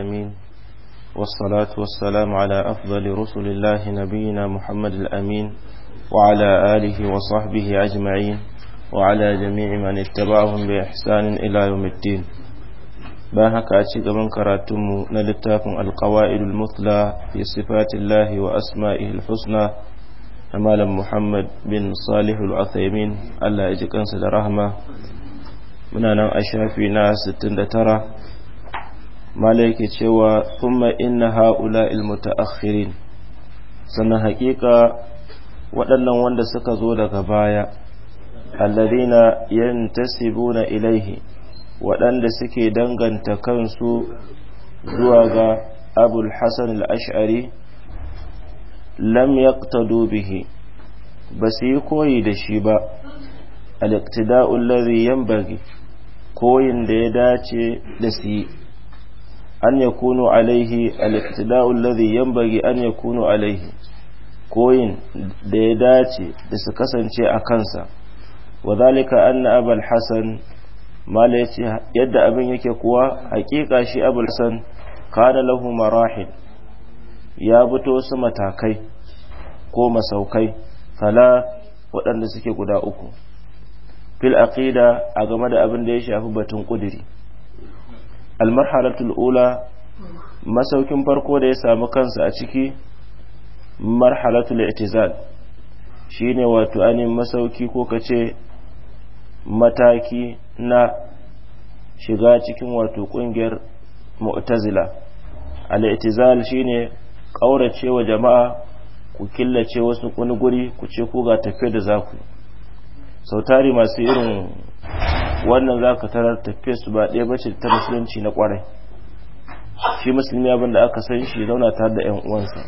أمين والصلاة والسلام على أفضل رسل الله نبينا محمد الأمين وعلى آله وصحبه أجمعين وعلى جميع من اتبعهم بإحسان إلى يوم الدين باهك أتشيك من كراتم نلتاكم القوائد المثلى في صفات الله وأسمائه الحسنى أمالا محمد بن صالح العثيمين ألا أجيك أنسى رحمة من أنا أشافي ناس 69 malaki cewa kuma inna haula ilmutaakhirin sannan haƙiƙa waɗannan wanda suka zo daga baya alladhina yantasibuna ilaihi waɗanda suke danganta kansu zuwa ga abul hasan al-ash'ari lam yaqtadu bihi ba su yi koyi da shi ba al-iqtida'u alladhi yanbaghi koyin da ya dace da su yi an ya yakunu alaihi al lazi alladhi yanbaghi an yakunu alaihi koyin da ya dace da su kasance a kansa wa zalika anna abul hasan mala yace yadda abin yake kuwa hakika shi abul hasan kana lahu marahil ya fito su matakai ko masaukai tala waɗanda suke guda uku fil aqida a game da abin da ya shafi batun kudiri almarhalatul ula masaukin farko da ya samu kansa a ciki marhalatul i'tizal shine wato anin masauki ko kace mataki na shiga cikin wato kungiyar mu'tazila al-i'tizal shine kauracewa jama'a ku killace wasu kunguri guri ku ce ku ga tafiya da zaku sautari masu irin wannan za ka tarar ta su ba ɗaya bace ta musulunci na kwarai shi musulmi abin da aka san shi zauna tare da yan uwansa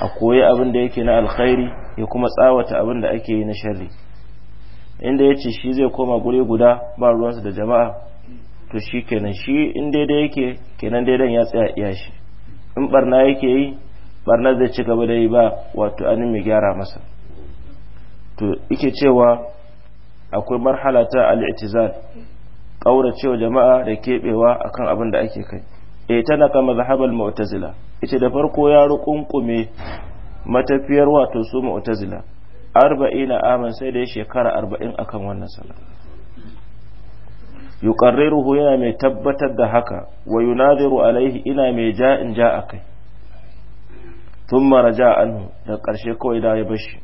a koyi abin da yake na alkhairi ya kuma tsawata abin da ake yi na sharri inda ya ce shi zai koma guri guda ba ruwansa da jama'a to shi kenan shi in daidai yake kenan daidan ya tsaya iya shi in barna yake yi barna zai ci gaba da yi ba wato anin mai gyara masa to yake cewa akwai marhala ta al'itizal cewa jama'a da keɓewa a kan abin da ake kai e eh, tana kama zahabal ma’utazila ita da farko ya rukunkume matafiyar wato su arba’i na aman sai da ya shekara arba'in a kan wannan ƙarri ruhu yana mai tabbatar da haka wa yunadiru alaihi ina mai ja in ja a kai. akai ja a anhu da ƙarshe kawai da ya bashi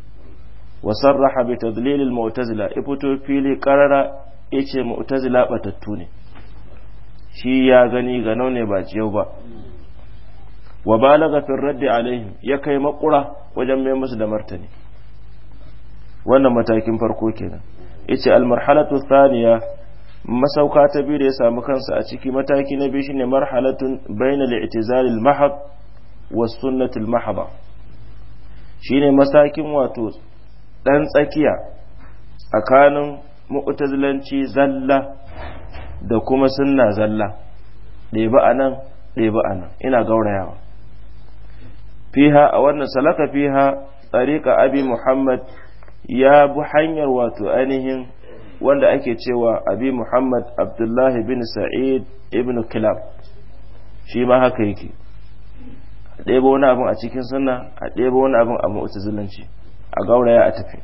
wa bi tadlilil mu'tazila ifito fili karara yace mu'tazila batattu ne shi ya gani ga ne ba ciyau ba wa balaga fi raddi alaihim ya kai makura wajen mai musu da martani wannan matakin farko kenan yace al marhalatu thaniya masauka ta biyu da ya samu kansa a ciki mataki na biyu shine marhalatun bayna al al-mahab was sunnah al-mahaba shine masakin wato ɗan tsakiya tsakanin mu'tazilanci zalla da kuma sunna zalla ɗebi a nan ɗebi a nan ina gaurayawa fiha a wannan salaka fiha tsarika abi muhammad ya bi hanyar wato ainihin wanda ake cewa abi muhammad abdullahi bin sa'id ibn kilab shi ma haka yake a ɗebo wani abin a cikin sunna a ɗebo wani abin a mu'tazilanci a gauraya a tafi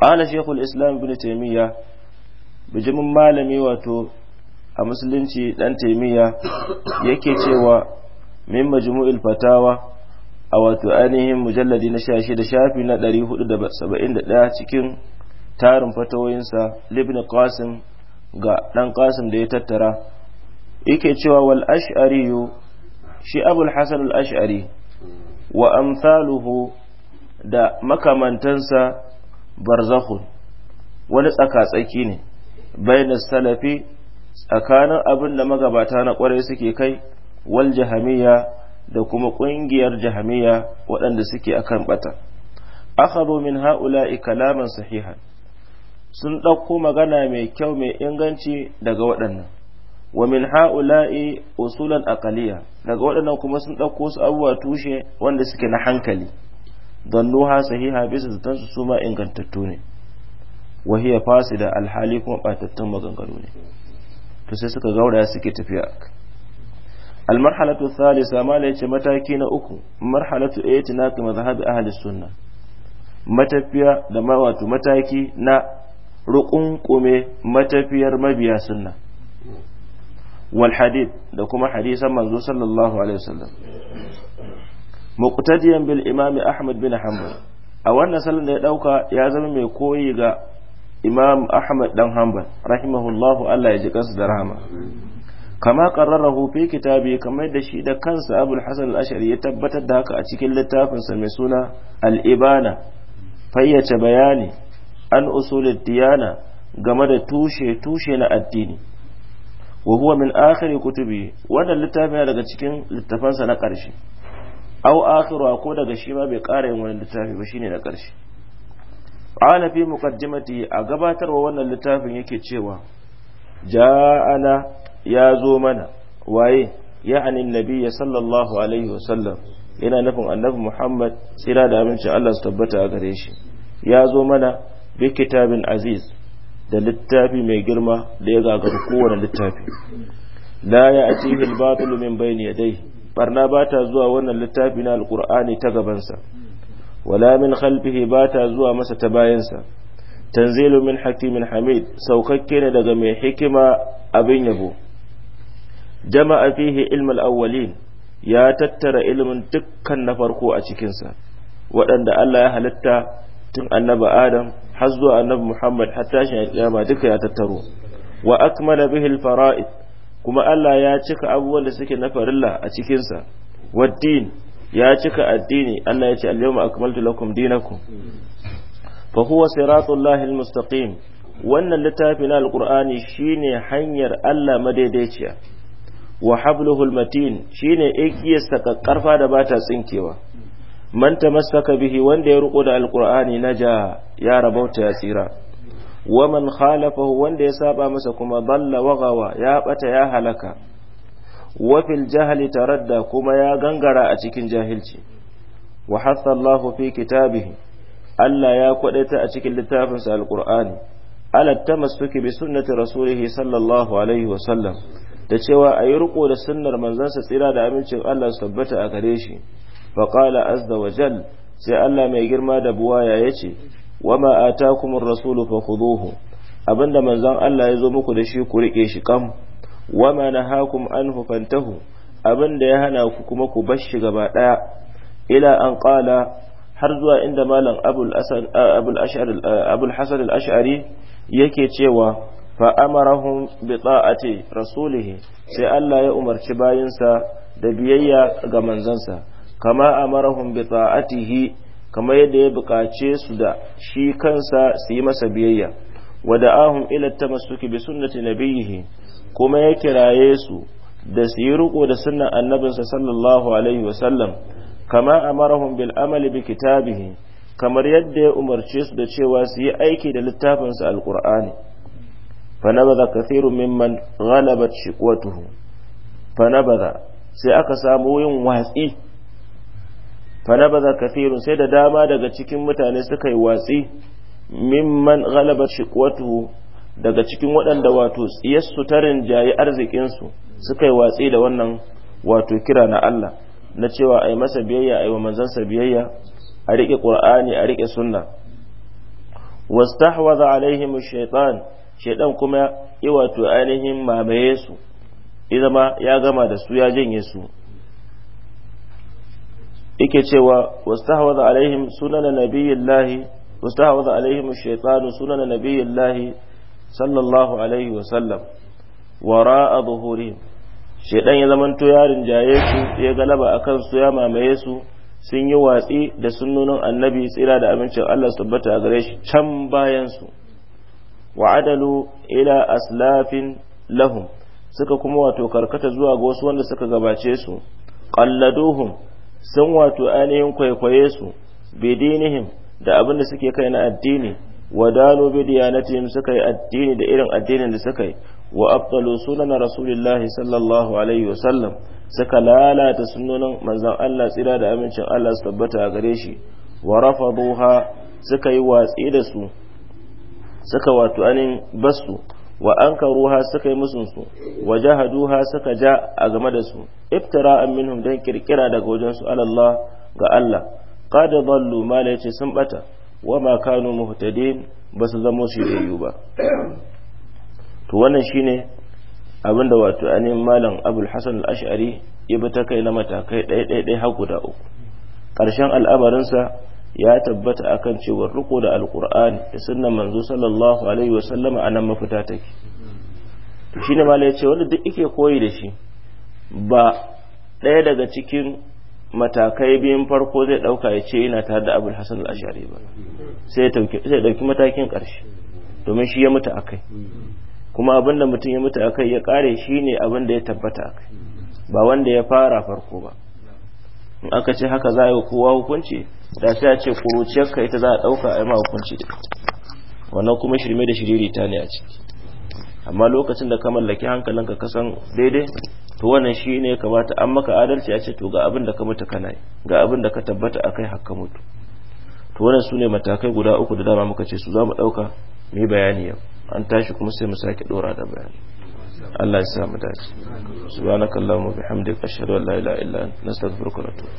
ƙala shaykhul islam ibn taimiyya bijimin malami wato a musulunci dan taimiyya yake cewa min majmu'il fatawa a wato ainihin mujalladi na shashi da shafi na 471 cikin tarin fatawoyinsa libni qasim ga dan qasim da ya tattara yake cewa wal ash'ari shi abul hasan al ash'ari wa amsaluhu da makamantansa barzakhun wani tsaka-tsaki ne bayan salafi tsakanin abin da magabata na kwarai suke kai wal jahamiya da kuma kungiyar jahamiya waɗanda suke akan bata akhadu min ha'ula'i kalaman sahihan sun ɗauko magana mai kyau mai inganci daga waɗannan wa min ha'ula'i usulan aqaliya daga waɗannan kuma sun ɗauko su abubuwa tushe wanda suke na hankali zannuha sahiha bisa zaton su suma ingantattu ne wa fasi fasida alhali kuma batattun maganganu ne to sai suka gaura suke tafiya almarhalatu thalitha mala yace mataki na uku marhalatu itinaq madhhab ahli sunna matafiya da wato mataki na rukunkume matafiyar mabiya sunna wal hadith da kuma hadisan manzo sallallahu alaihi wasallam muqtadiyan bil imami ahmad bin hanbal a wannan salon da ya dauka ya zama mai koyi ga imam ahmad dan hanbal rahimahullahu Allah ya ji kansa da rahama kama qarrarahu fi kitabi kamar da shi da kansa abul hasan al-ash'ari ya tabbatar da haka a cikin littafinsa mai suna al-ibana fayyace bayani an usulid diyana game da tushe tushe na addini wa huwa min akhir kutubi wannan littafin daga cikin littafansa na karshe aw akhiru ko daga shi ma bai kara yin wani littafi ba shine na karshe qala fi muqaddimati a gabatarwa wannan littafin yake cewa ja'ana ya zo mana waye ya anin nabiyya sallallahu alaihi wasallam yana nufin annabi muhammad tsira da aminci allah su tabbata a gare shi ya zo mana bi kitabin aziz da littafi mai girma da ya gagari kowane littafi la ya atihi al-batil min bayni yadayhi barna ba ta zuwa wannan littafi na alkur'ani ta gabansa wala min khalfihi ba ta zuwa masa ta bayansa tanzilu min hakimin hamid saukakke ne daga mai hikima abin yabo jama'a fihi ilmin awwalin ya tattara ilimin dukkan na farko a cikinsa waɗanda Allah ya halitta tun annabi Adam har zuwa annabi Muhammad har tashin kiyama duka ya tattaro wa akmala bihi al-fara'id kuma Allah ya cika abubuwan da suke na farilla a cikinsa waddin ya cika addini Allah ya ce al akmaltu lakum dinakum fa huwa siratullahi al-mustaqim wannan littafin na alqur'ani shine hanyar Allah madaidaiciya wa habluhul matin shine igiyar sakakkarfa da bata tsinkewa man tamassaka bihi wanda ya riko da alqur'ani naja ya rabauta ya tsira Waman khalafahu wanda ya saba masa kuma dalla wagawa ya bata ya halaka wafil jahali taradda kuma ya gangara a cikin jahilci wa Allahu fi kitabihi Allah ya kwadaita a cikin littafinsa alqur'ani ala tamassuki bi sunnati rasulih sallallahu alaihi wa sallam da cewa ayi riko da sunnar manzansa tsira da amincin Allah su tabbata a gare shi fa qala azza wa jal sai Allah mai girma da buwaya yace wama atakumur rasulu fakhuduhu abinda manzon Allah ya zo muku da shi ku riƙe shi kam wama nahakum anhu fantahu abinda ya hana ku kuma ku bar shi gaba ɗaya ila an qala har zuwa inda malam abul hasan al-ash'ari yake cewa fa amarahum bi ta'ati sai Allah ya umarci bayinsa da biyayya ga manzansa kama amarahum bi ta'atihi kamar yadda ya buƙace su da shi kansa su yi masa biyayya wa da'ahum ila tamassuki bi sunnati nabiyhi kuma ya kiraye su da su yi riko da sunnan annabinsa sallallahu alaihi wa sallam kama amarahum bil amali bi kitabihi kamar yadda ya umarce su da cewa su yi aiki da littafinsa alqur'ani fa nabadha kathirun mimman ghalabat shiqwatuhu fa sai aka samu yin watsi fanabaza kathirun sai da dama daga cikin mutane suka yi watsi mimman galabar shiqwatuhu daga cikin waɗanda wato su ta rinjayi arzikinsu suka yi watsi da wannan wato kira na Allah na cewa a yi masa biyayya a yi wa manzansa biyayya a riƙe ƙur'ani a riƙe sunna wastahwaza alaihim shaitan shaitan kuma ya wato ainihin mamaye su ya ya gama da su ya janye su yake cewa wastahwadha alaihim sunan nabiyillahi wastahwadha alaihim ash-shaytanu sunan nabiyillahi sallallahu alaihi wa sallam wara'a zuhurihim shaydan ya to yarin jaye su ya galaba akan su ya mamaye su sun yi watsi da sunnonin annabi tsira da amincin Allah su tabbata a gare shi can bayan su wa'adalu ila aslafin lahum suka kuma wato karkata zuwa ga wasu wanda suka gabace su qalladuhum sun wato ainihin kwaikwaye su bidinihim da abin da suke kai na addini wa dano bi diyanatihim suka yi addini da irin addinin da suka yi wa abdalu sunan rasulillahi sallallahu alaihi wasallam suka lalata sunnonin manzon Allah tsira da amincin Allah su tabbata a gare shi wa rafaduha suka yi watsi da su suka wato anin basu wa ankaruha suka yi musun su wa jahaduha suka ja a game da su iftira'an minhum dan kirkira daga wajen su Allah ga Allah qad dallu ma yace sun bata wa ma kanu muhtadin ba su zamo su yayu ba to wannan shine abinda wato anin malam Abul Hasan al-Ash'ari ya bi ta kai na matakai ɗaya ɗaya har guda uku ƙarshen al'amarinsa ya tabbata akan cewa riko da alkur'ani da sunnan manzo sallallahu alaihi wa sallama anan mafita take to shine malai yace wanda duk yake koyi da shi ba ɗaya daga cikin matakai biyun farko zai ɗauka yace ce yana tare da abul hasan al-ashari ba sai ya ɗauki matakin karshe domin shi ya mutu a kuma abin da mutum ya mutu akai ya kare shine abinda ya tabbata a ba wanda ya fara farko ba in aka ce haka za a yi kowa hukunci da sai a ce kuruciyarka ita za a ɗauka a yi ma hukunci da wannan kuma shirme da shiriri ta ne a ciki amma lokacin da ka mallaki hankalinka ka san daidai to wannan shi ne kamata an maka adalci a ce to ga abin da ka mutu kana yi ga abin da ka tabbata a kai haka mutu to wannan su ne matakai guda uku da dama muka ce su za mu ɗauka mu yi bayani yau an tashi kuma sai mu sake ɗora da bayani Allah ya sa mu dace subhanakallahumma bihamdika ashhadu an la ilaha illa anta nastaghfiruka wa natubu